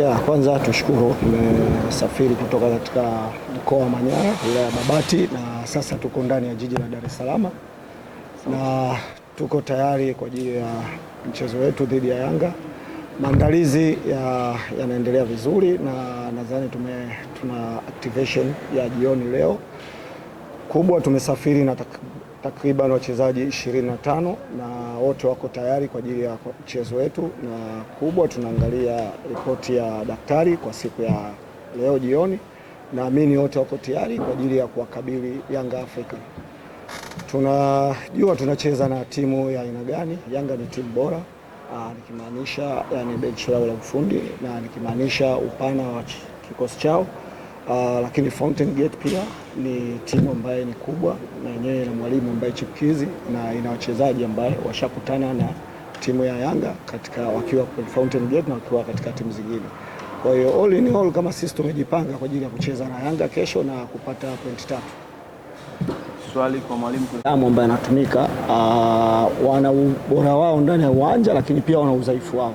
Ya, kwanza tushukuru tumesafiri kutoka katika mkoa wa Manyara, wilaya ya Babati na sasa tuko ndani ya jiji la Dar es Salaam na tuko tayari kwa ajili ya mchezo wetu dhidi ya Yanga. Maandalizi yanaendelea ya vizuri na nadhani tume, tuna activation ya jioni leo kubwa. Tumesafiri na takriban wachezaji 25 na wote wako tayari kwa ajili ya mchezo wetu, na kubwa tunaangalia ripoti ya daktari kwa siku ya leo jioni. Naamini wote wako tayari kwa ajili ya kuwakabili Yanga Afrika. Tunajua tunacheza na timu ya aina gani. Yanga ni timu bora ah, nikimaanisha yani benchi lao la ufundi na nikimaanisha upana wa kikosi chao. Uh, lakini Fountain Gate pia ni timu ambayo ni kubwa na yenyewe ina mwalimu ambaye chipukizi na ina wachezaji ambaye washakutana na timu ya Yanga katika wakiwa kwenye Fountain Gate na wakiwa katika timu zingine. Kwa hiyo all in all, kama sisi tumejipanga kwa ajili ya kucheza na Yanga kesho na kupata pointi tatu. Swali kwa mwalimu ambaye anatumika, uh, wana ubora wao ndani ya uwanja, lakini pia wana udhaifu wao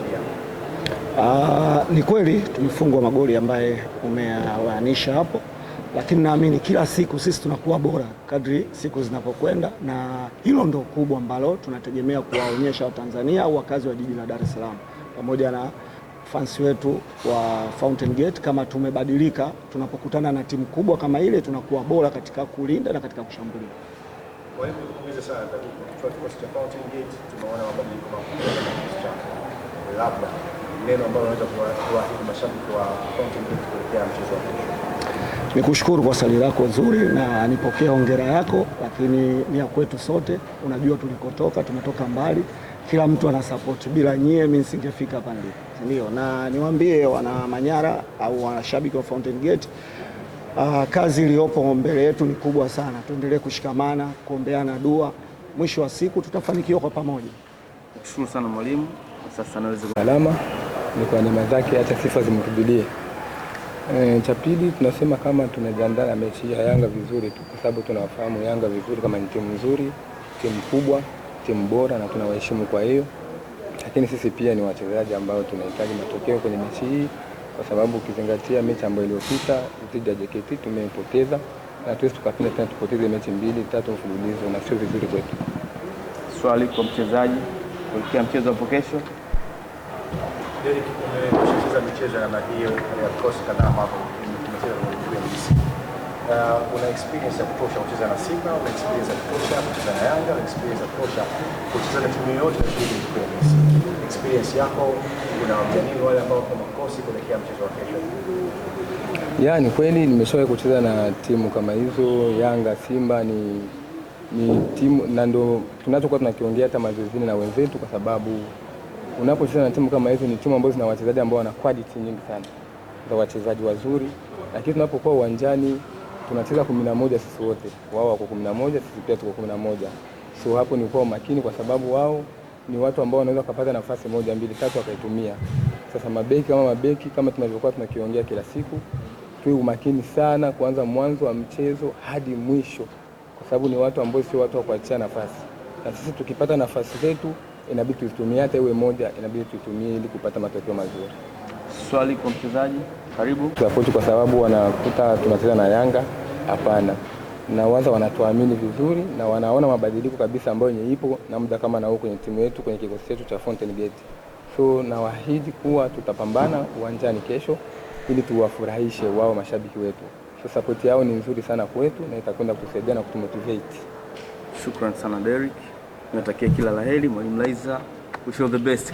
Aa, ah, ni kweli tumefungwa magoli ambaye umeawanisha hapo, lakini naamini kila siku sisi tunakuwa bora kadri siku zinapokwenda, na hilo ndo kubwa ambalo tunategemea kuwaonyesha Watanzania au wakazi wa jiji la Dar es Salaam pamoja na fansi wetu wa Fountain Gate, kama tumebadilika. Tunapokutana na timu kubwa kama ile, tunakuwa bora katika kulinda na katika kushambulia. Kwa hiyo kwa labda neno ambalo unaweza kuwaahidi mashabiki wa Fountain Gate kuelekea mchezo wa kesho? Nikushukuru kwa swali lako zuri na nipokea hongera yako, lakini ni ya kwetu sote. Unajua tulikotoka, tumetoka mbali, kila mtu ana support. Bila nyie mimi nisingefika hapa ndio ndio. Na niwaambie wana Manyara au wanashabiki wa Fountain Gate, uh, kazi iliyopo mbele yetu ni kubwa sana. Tuendelee kushikamana, kuombeana dua, mwisho wa siku tutafanikiwa kwa pamoja. Nakushukuru sana mwalimu. Sasa naweza alama ni kwa neema zake, hata sifa zimtubilie. E, cha pili tunasema kama tunajiandaa na mechi ya Yanga vizuri tu, kwa sababu tunawafahamu Yanga vizuri kama ni timu nzuri, timu kubwa, timu bora na tunawaheshimu. Kwa hiyo lakini sisi pia ni wachezaji ambao tunahitaji matokeo kwenye mechi hii, kwa sababu ukizingatia mechi ambayo iliyopita dhidi ya JKT tumepoteza, na tuwezi tukapenda tena tupoteze mechi mbili tatu mfululizo, na sio vizuri kwetu. Swali kwa mchezaji kuelekea mchezo hapo kesho umeshacheza michezo ya namna hiyo ya kadhaa umecheza kwenye ligi ya Una experience ya kutosha kucheza na Simba, una experience ya kutosha kucheza na Yanga, una experience ya kutosha kucheza na timu yoyote ya ligi ya Experience yako unawaambia nini wale ambao kwa makosi kuelekea mchezo wa kesho? Ya, ni kweli nimeshawahi kucheza na timu kama hizo Yanga, Simba ni ni timu na ndo tunachokuwa tunakiongea hata mazoezini na wenzetu, kwa sababu unapocheza na timu kama hizo, ni timu ambazo zina wachezaji ambao wana quality nyingi sana za wachezaji wazuri, lakini tunapokuwa uwanjani tunacheza kumi na moja sisi wote, wao wako kumi na moja sisi pia tuko kumi na moja So hapo ni kuwa makini, kwa sababu wao ni watu ambao wanaweza kupata nafasi moja mbili tatu wakaitumia. Sasa mabeki kama mabeki kama tunavyokuwa tunakiongea kila siku, tuwe umakini sana, kuanza mwanzo wa mchezo hadi mwisho, kwa sababu ni watu ambao sio watu wa kuachia nafasi, na sisi tukipata nafasi zetu inabidi tuitumie, hata iwe moja, inabidi tuitumie ili kupata matokeo mazuri. Swali kwa mchezaji, karibu sapoti, kwa sababu wanakuta tunacheza na Yanga, hapana na wanza wanatuamini vizuri na wanaona mabadiliko kabisa ambayo yenye ipo na muda kama na huko kwenye timu yetu kwenye kikosi chetu cha Fountain Gate. So nawaahidi kuwa tutapambana uwanjani kesho ili tuwafurahishe wao mashabiki wetu. So support yao ni nzuri sana kwetu na itakwenda kutusaidia na kutumotivate. Shukrani sana Derrick. Natakia kila laheri, Mwalimu Laizer, wish you the best.